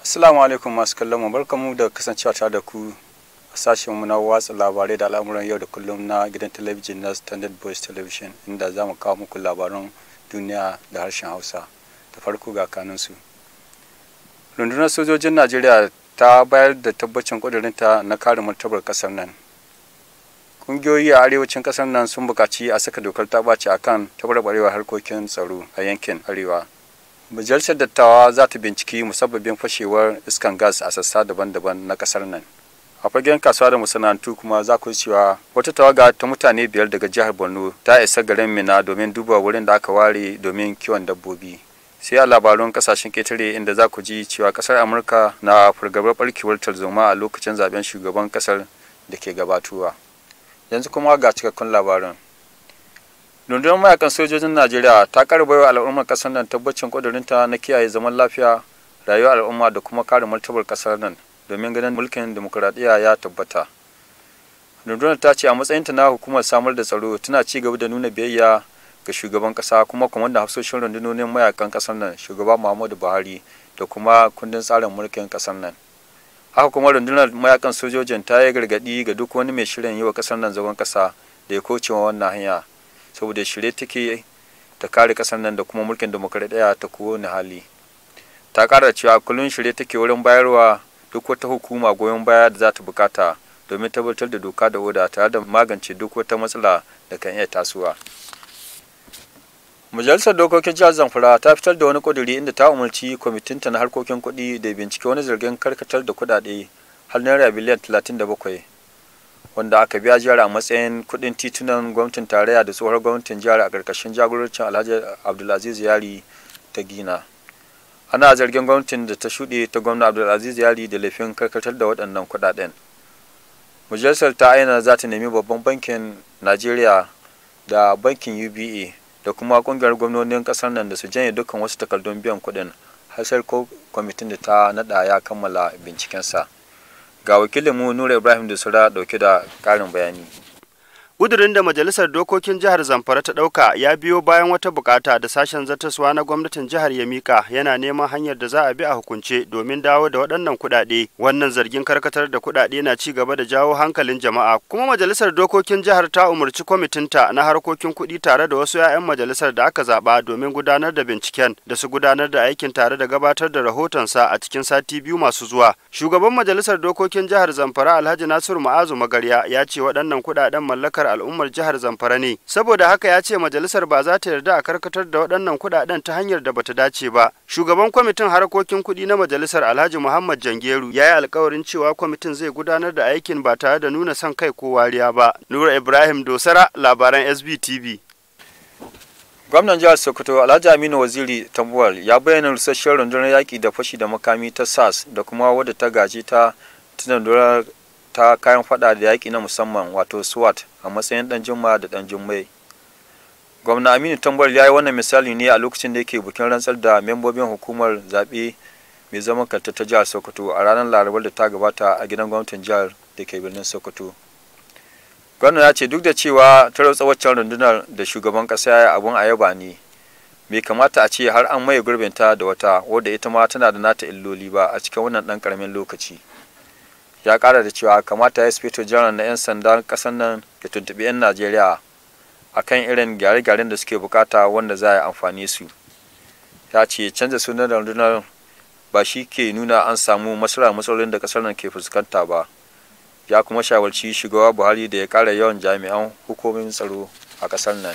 Assalamu alaikum masu kallon mu barkamu da kasancewa tare da ku a sashen mu na watsa labarai da al'amuran yau da kullum na gidan talabijin na Standard Voice Television inda za mu kawo muku labaran duniya da harshen Hausa. Da farko ga kanunsu. su. rundunar sojojin najeriya ta bayar da tabbacin ta na kare martabar kasar nan ƙungiyoyi a arewacin ƙasar nan sun buƙaci a saka dokar ta ɓace a kan tabarbarewar harkokin tsaro a yankin arewa majalisar dattawa za ta binciki musabbabin fashewar iskan gas a sassa daban-daban na ƙasar nan a fagen kasuwa da masana'antu kuma za ku cewa wata tawaga ta mutane biyar daga jihar borno ta isa garin mina domin duba wurin da aka ware domin kiwon dabbobi sai a labarun kasashen ketare inda za ku ji cewa kasar amurka na fargabar barkewar tarzoma a lokacin zaben shugaban kasar da ke gabatowa yanzu kuma ga cikakkun labarin dundunar mayakan sojojin najeriya ta karbaiwa al'ummar kasar nan tabbacin kudurinta na kiyaye zaman lafiya rayuwar al'umma da kuma kare martabar kasar nan domin ganin mulkin demokuraɗiyya ya tabbata dundunar ta ce a matsayinta na hukumar samar da tsaro tana ci gaba da nuna biyayya ga shugaban kasa kuma kwamandan hafsoshin rundunonin mayakan kasar nan shugaba muhammadu buhari da kuma kundin tsarin mulkin kasar nan haka kuma rundunar mayakan sojojin ta yi gargadi ga duk wani mai shirin yi wa kasar nan zagon kasa da ya kocewa wannan hanya saboda shirye take ta kare kasar nan da kuma mulkin demokradiyya ta kowane hali ta kara cewa kullum shirye take wurin bayarwa duk wata hukuma goyon baya da za ta bukata domin tabbatar da doka da oda tare da magance duk wata matsala da kan iya tasowa Majalisar Dokokin Jihar Zamfara ta fitar da wani kuduri inda ta umarci kwamitinta na harkokin kuɗi da bincike wani zargin karkatar da kuɗaɗe har naira biliyan 37 wanda aka biya jihar a matsayin kuɗin titunan gwamnatin tarayya da tsohuwar gwamnatin jihar a ƙarƙashin jagorancin Alhaji Abdulaziz Yari ta Gina. Ana zargin gwamnatin da ta shuɗe ta gwamna Abdulaziz Yari da laifin karkatar da waɗannan kuɗaɗen. Majalisar ta aina za ta nemi babban bankin Najeriya da bankin UBA da kuma kungiyar gwamnonin kasar nan da su janye dukkan wasu takardun biyan kuɗin har sai ko kwamitin da ta nada ya kammala bincikensa ga wakilinmu nura ibrahim da sura dauke da ƙarin bayani Ƙudurin da Majalisar Dokokin Jihar Zamfara ta ɗauka ya biyo bayan wata bukata da sashen zataswa na gwamnatin jihar ya mika yana neman hanyar da za a bi a hukunce domin dawo da waɗannan kuɗaɗe. Wannan zargin karkatar da kuɗaɗe na ci gaba da jawo hankalin jama'a. Kuma Majalisar Dokokin Jihar ta umarci kwamitinta na harkokin kuɗi tare da wasu 'ya'yan majalisar da aka zaɓa domin gudanar da binciken da su gudanar da aikin tare da gabatar da rahotonsa a cikin sati biyu masu zuwa. Shugaban Majalisar Dokokin Jihar Zamfara Alhaji Nasiru Ma'azu Magarya ya ce waɗannan kuɗaɗen mallakar al'ummar jihar Zamfara ne. Saboda haka ya ce majalisar ba za ta yarda a karkatar da waɗannan kuɗaɗen ta hanyar da bata dace ba. Shugaban kwamitin harkokin kuɗi na majalisar Alhaji Muhammad Jangeru ya yi alƙawarin cewa kwamitin zai gudanar da aikin ba tare da nuna son kai ko wariya ba. Nura Ibrahim Dosara, labaran SBTV. gwamnan jihar sokoto alhaji aminu waziri tambuwal ya bayyana rusasshen rundunar yaƙi da fashi da makami ta sas da kuma wadda ta gaji ta tunan ta kayan fada da yaƙi na musamman wato swat a matsayin dan jimma da dan jimmai gwamna aminu tambar ya yi wannan misali ne a lokacin da yake bikin rantsar da membobin hukumar zaɓe mai zaman kanta ta jihar sokoto a ranar larabar da ta gabata a gidan gwamnatin jihar da ke birnin sokoto gwamna ya ce duk da cewa tarotsa waccan rundunar da shugaban kasa ya abun ayaba ne bai kamata a ce har an maye gurbinta da wata wadda ita ma tana da nata illoli ba a cikin wannan dan karamin lokaci ya kara da cewa kamata inspector general na 'yan sandan kasan nan ya tuntuɓi 'yan najeriya kan irin gyare-gyaren da suke bukata wanda za a yi amfani su ya ce canza sunan rundunar ba shi ke nuna an samu masura matsalolin da kasar nan ke fuskanta ba ya kuma shawarci shugaba buhari da ya kara yawan jami'an hukumomin tsaro a kasar nan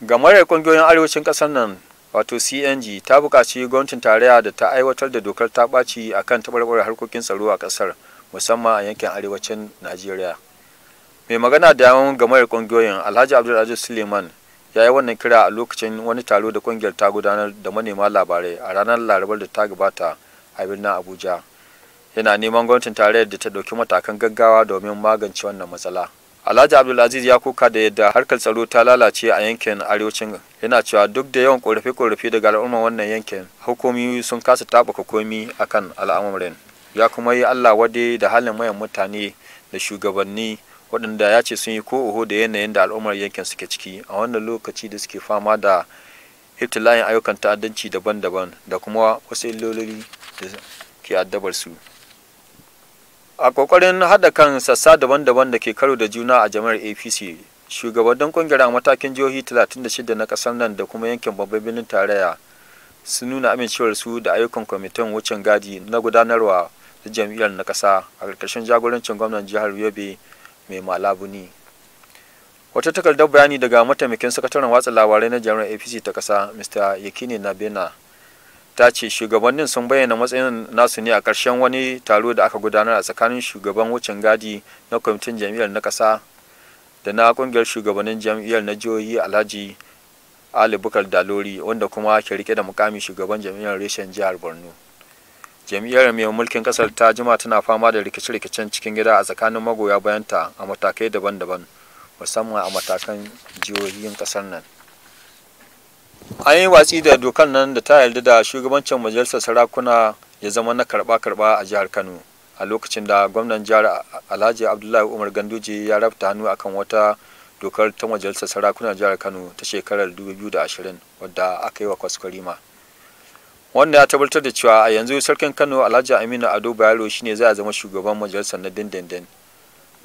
game da ƙungiyoyin arewacin kasar nan wato cng ta buƙaci gwamnatin tarayya da ta aiwatar da dokar ta ɓaci a kan taɓarɓarar harkokin tsaro a ƙasar musamman a yankin arewacin najeriya mai magana da yawon gamayar ƙungiyoyin alhaji abdulaziz suleiman ya yi wannan kira a lokacin wani taro da ƙungiyar ta gudanar da manema labarai a ranar larabar da ta gabata a birnin abuja yana neman gwamnatin tarayyar da ta ɗauki matakan gaggawa domin magance wannan matsala Alhaji Abdulaziz ya koka da yadda harkar tsaro ta lalace a yankin arewacin yana cewa duk da yawan korafe-korafe daga al'umma wannan yankin hukumomi sun kasa taɓuka komi akan al'amuran ya kuma yi Allah wade da halin mayan mutane da shugabanni waɗanda ya ce sun yi ko oho da yanayin da al'ummar yankin suke ciki a wannan lokaci da suke fama da ibtila'in ayyukan ta'addanci daban-daban da kuma wasu illolin da ke addabar su. a kokarin haɗa kan sassa daban-daban da ke karo da juna a jama'ar apc shugabannin kungiyar a matakin jihohi 36 na kasar nan da kuma yankin babban birnin tarayya sun nuna amincewar su da ayyukan kwamitin wucin gadi na gudanarwa da jam'iyyar na kasa a ƙarƙashin jagorancin gwamnan jihar yobe mai malabuni wata takardar bayani daga mataimakin sakataren watsa labarai na jami'ar apc ta kasa mr yakini nabena ta ce shugabannin sun bayyana matsayin nasu ne a ƙarshen wani taro da aka gudanar a tsakanin shugaban wucin gadi na kwamitin jam'iyyar na ƙasa da na ƙungiyar shugabannin jam'iyyar na jihohi alhaji ali bukar dalori wanda kuma ke rike da mukamin shugaban jam'iyyar reshen jihar borno jam'iyyar mai mulkin kasar ta jima tana fama da rikice-rikicen cikin gida a tsakanin magoya bayanta a matakai daban-daban musamman a matakan jihohin kasar nan an yi watsi da dokan nan da ta yarda da shugabancin majalisar sarakuna ya zama na karba-karba a jihar kano a lokacin da gwamnan jihar alhaji abdullahi umar ganduje ya rabta hannu akan wata dokar ta majalisar sarakunan jihar kano ta shekarar 2020 wadda aka yi wa kwaskwarima wanda ya tabbatar da cewa a yanzu sarkin kano alhaji aminu ado bayero shine zai zama shugaban majalisar na dindindin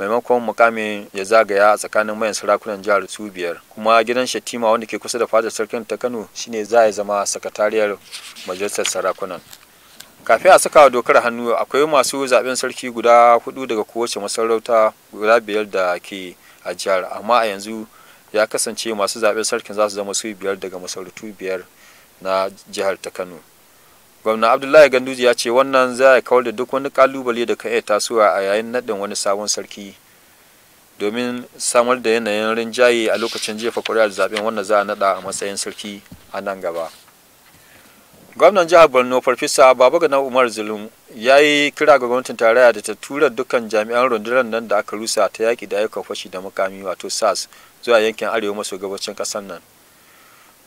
maimakon mukamin ya zagaya a tsakanin mayan sarakunan jihar su biyar kuma gidan shatima wanda ke kusa da fadar sarkin ta kano shine za ya zama sakatariyar majalisar sarakunan kafin a saka dokar hannu akwai masu zaben sarki guda hudu daga kowace masarauta guda biyar da ke a jihar amma a yanzu ya kasance masu zaben sarkin za su zama su biyar daga masarautu biyar na jihar ta kano gwamna abdullahi ganduji ya ce wannan za a kawar da duk wani kalubale da ka iya tasowa a yayin naɗin wani sabon sarki domin samar da yanayin rinjaye a lokacin jefa kuri'ar zaben wanda za a naɗa a matsayin sarki a nan gaba gwamnan jihar borno farfisa baba gana umar zulum ya yi kira ga gwamnatin tarayya da ta tura dukkan jami'an rundunar nan da aka rusa ta yaki da ayyukan fashi da mukami wato sas zuwa yankin arewa maso gabacin ƙasar nan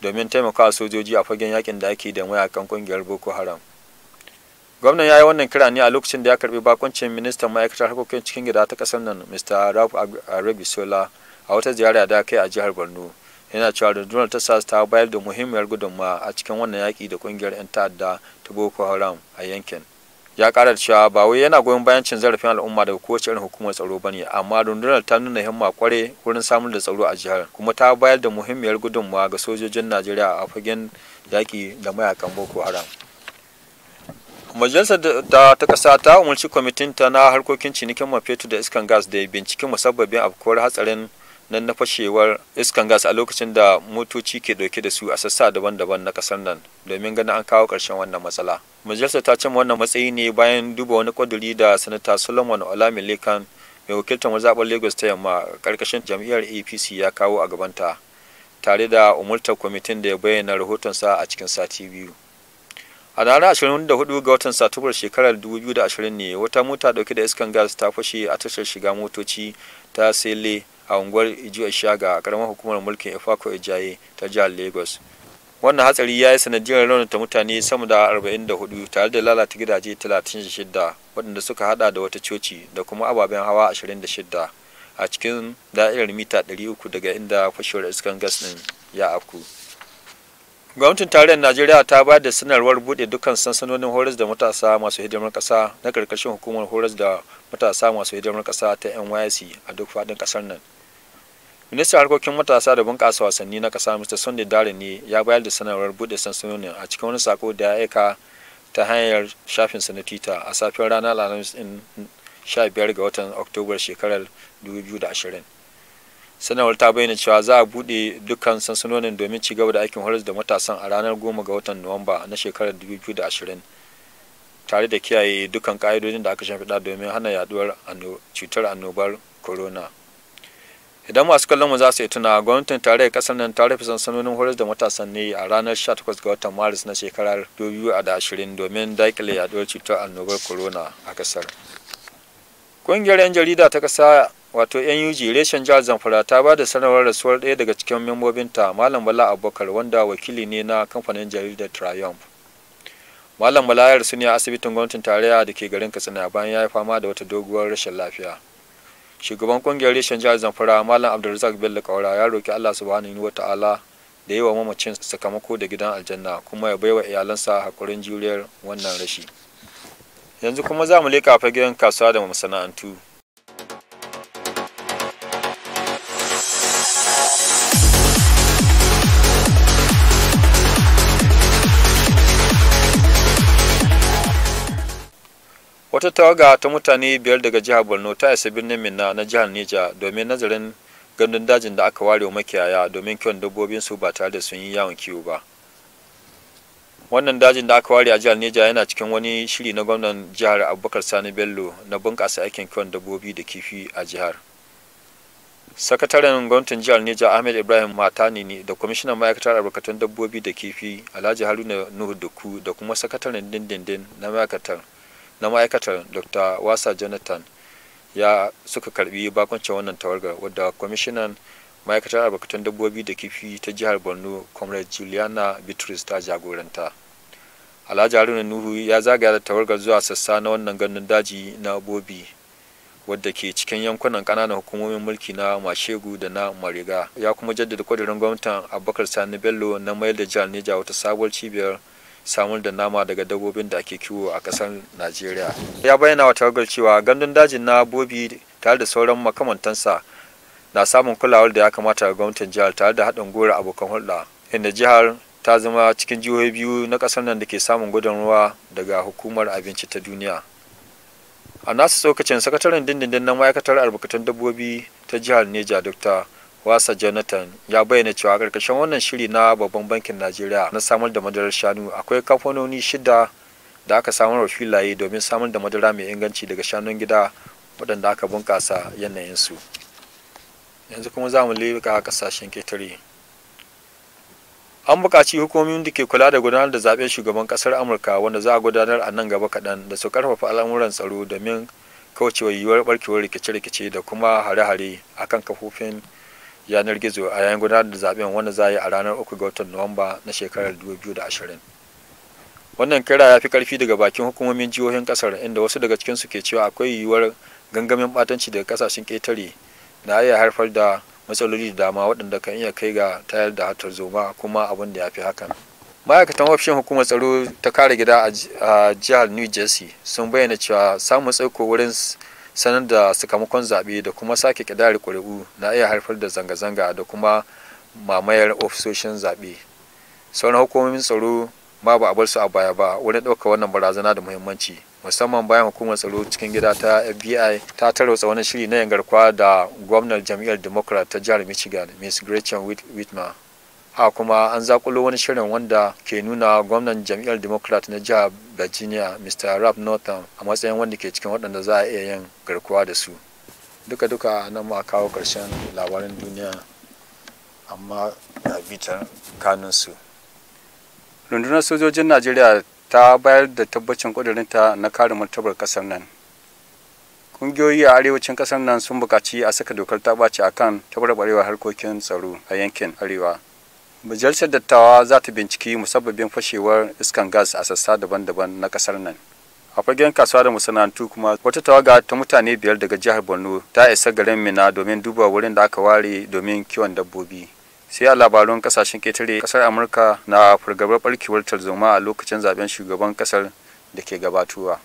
domin taimakawa sojoji a fagen yakin da ake da mayakan kungiyar boko haram gwamnan ya yi wannan kira ne a lokacin da ya karbi bakuncin ministan ma'aikatar harkokin cikin gida ta kasar nan mr ralph arabisola a wata ziyara da kai a jihar borno yana cewa rundunar ta ta bayar da muhimmiyar gudunmawa a cikin wannan yaki da kungiyar 'yan ta'adda ta boko haram a yankin ya kara da cewa ba wai yana goyon bayan cin zarafin al'umma daga kowace irin hukumar tsaro ba ne amma rundunar ta nuna himma kware wurin samun da tsaro a jihar kuma ta bayar da muhimmiyar gudunmawa ga sojojin Najeriya a fagen yaƙi da mayakan Boko Haram majalisar da ta kasa ta umarci kwamitin ta na harkokin cinikin mafetu da iskan gas da binciken musabbabin afkuwar hatsarin nan na fashewar iskan gas a lokacin da motoci ke dauke da su a sassa daban-daban na kasar nan domin ganin an kawo karshen wannan matsala majalisar ta cimma wannan matsayi ne bayan duba wani kwaduri da sanata solomon olamilekan mai wakiltar mazaɓar lagos ta yamma karkashin jam'iyyar apc ya kawo a gabanta tare da umurtar kwamitin da ya bayyana rahotonsa a cikin sati biyu a ranar 24 ga watan satubar shekarar 2020 ne wata mota dauke da iskan gas ta fashe a tashar shiga motoci ta sele a unguwar ijiya shaga a karamar hukumar mulkin ifako ijaye ta jihar lagos wannan hatsari ya yi sanadiyar raunata mutane sama da 44 tare da lalata gidaje 36 waɗanda suka hada da wata coci da kuma ababen hawa 26 a cikin da'irar mita 300 daga inda fashewar iskan gas din ya afku gwamnatin tarayyar najeriya ta ba da sanarwar buɗe dukkan sansanonin horas da matasa masu hidimar ƙasa na karkashin hukumar horas da matasa masu hidimar kasa ta nysc a duk faɗin ƙasar nan ministan harkokin matasa da bunƙasa wasanni na ƙasa mr sunday dare ne ya bayar da sanarwar buɗe sansanonin a cikin wani sako da ya aika ta hanyar shafin na twitter a safiyar ranar alhamis in 15 ga watan oktobar shekarar 2020 sanarwar ta bayyana cewa za a buɗe dukkan sansanonin domin ci gaba da aikin horas da matasan a ranar 10 ga watan nuwamba na shekarar 2020 tare da kiyaye dukkan ƙa'idojin da aka da domin hana yaduwar cutar annobar corona idan masu kallon mu za su yi tuna gwamnatin tarayyar kasar nan ta rufe sansanonin horar da matasan ne a ranar 18 ga watan maris na shekarar 2020 domin daƙile yaduwar cutar annobar corona a kasar ƙungiyar 'yan jarida ta ƙasa wato NUG reshen jihar Zamfara ta ba da sanarwar rasuwar ɗaya daga cikin membobinta Malam Bala Abubakar wanda wakili ne na kamfanin jaridar Triumph. Malam Bala ya rasu ne a asibitin gwamnatin tarayya da ke garin Katsina bayan ya yi fama da wata doguwar rashin lafiya. shugaban kungiyar reshen jihar zamfara malam abdulrazak bello kaura ya roki allah su subhanahu wa ta'ala da yi wa mamacin sakamako da gidan aljanna kuma ya baiwa iyalansa hakurin juriyar wannan rashi yanzu kuma za mu leƙa fagen kasuwa da masana'antu wata tawaga ta mutane biyar daga jihar borno ta isa birnin minna na jihar nija domin nazarin gandun dajin da aka ware makiyaya domin kiwon dabbobin su ba tare da sun yi yawon kiwo ba wannan dajin da aka ware a jihar nija yana cikin wani shiri na gwamnan jihar abubakar sani bello na bunƙasa aikin kiwon dabbobi da kifi a jihar sakataren gwamnatin jihar nija ahmed ibrahim matani ne da kwamishinan ma'aikatar albarkatun dabbobi da kifi alhaji haruna nuhu duku da kuma sakataren dindindin na ma'aikatar na ma'aikatar dr wasa jonathan ya suka karbi bakuncin wannan tawargar wadda kwamishinan ma'aikatar albarkatun dabbobi da kifi ta jihar borno comrade juliana bitrus ta jagoranta alhaji haruna nuhu ya zagaya da tawargar zuwa sassa na wannan ganin daji na bobi wadda ke cikin yankunan kananan hukumomin mulki na mashegu da na mariga ya kuma jaddada kwadirin gwamnatin abubakar sani bello na mayar da jihar neja wata sabuwar cibiyar samar da nama daga dabbobin da ake kiwo a kasar najeriya ya bayyana wa tawagar cewa gandun dajin na bobi tare da sauran makamantansa na samun kulawar da ya kamata ga gwamnatin jihar tare da haɗin gora abokan hulɗa inda jihar ta zama cikin jihohi biyu na kasar nan da ke samun gudun ruwa daga hukumar abinci ta duniya a nasu tsokacin sakataren dindindin na ma'aikatar albarkatun dabbobi ta jihar neja dr wasa jonathan ya bayyana cewa karkashin wannan shiri na babban bankin najeriya na samar da madarar shanu akwai kamfanoni shida da aka samar wa filaye domin samar da madara mai inganci daga shanun gida waɗanda aka bunƙasa su yanzu kuma za mu a ƙasashen ketare an buƙaci hukumomin da ke kula da gudanar da zaɓen shugaban ƙasar amurka wanda za a gudanar a nan gaba kaɗan da su ƙarfafa al'amuran tsaro domin kaucewa yiwuwar ɓarkewar rikice-rikice da kuma hare-hare akan kafofin yanar gizo a yayin gudanar da zaben wanda za a yi a ranar 3 ga watan nuwamba na shekarar 2020 wannan kira ya fi karfi daga bakin hukumomin jihohin kasar inda wasu daga cikin su ke cewa akwai yiwuwar gangamin batanci daga kasashen ƙetare na iya haifar da matsaloli da dama waɗanda kan iya kai ga tayar da hatar zoma kuma abin da ya fi hakan ma'aikatan ofishin hukumar tsaro ta kare gida a jihar new jersey sun bayyana cewa samun tsaiko wurin sanar da sakamakon zaɓe da kuma sake ƙidari ƙuri'u na iya haifar da zanga-zanga da kuma mamayar ofisoshin zaɓe sauran hukumomin tsaro ma ba a bar su a baya ba wani ɗaukar wannan barazana da muhimmanci musamman bayan hukumar tsaro cikin gida ta fbi ta tarwatsa wani shiri na yangarkwa da gwamnar jam'iyyar democrat ta jihar michigan miss gretchen whitmer haka kuma an zakulo wani shirin wanda ke nuna gwamnan jam'iyyar democrat na jihar virginia mr rap northam a matsayin wanda ke cikin waɗanda za a iya yin garkuwa da su duka-duka nan ma kawo ƙarshen labarin duniya amma na bitar kanunsu rundunar sojojin najeriya ta bayar da tabbacin ƙudurinta na kare martabar ƙasar nan ƙungiyoyi a arewacin ƙasar nan sun buƙaci a saka dokar ta kan akan tabarbarewar harkokin tsaro a yankin arewa majalisar dattawa za ta binciki musabbabin fashewar iskan gas a sassa daban-daban na kasar nan a fagen kasuwa da masana'antu kuma wata tawaga ta mutane biyar daga jihar borno ta isa garin mina domin duba wurin da aka ware domin kiwon dabbobi sai a labarun kasashen ketare kasar amurka na fargabar barkewar tarzoma a lokacin zaben shugaban kasar da ke gabatowa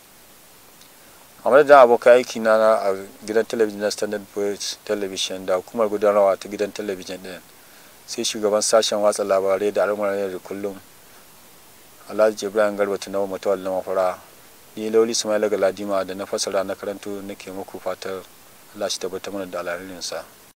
a madadin abokan aiki na a gidan talabijin na standard bridge television da hukumar gudanarwa ta gidan talabijin din sai shugaban sashen watsa labarai da al'amuran da kullum alhaji ibrahim garba tunawa mutuwar na mafara ni lauli sumaila galadima da na fassara na karanto nake muku fatar allah tabbatar mana da alherinsa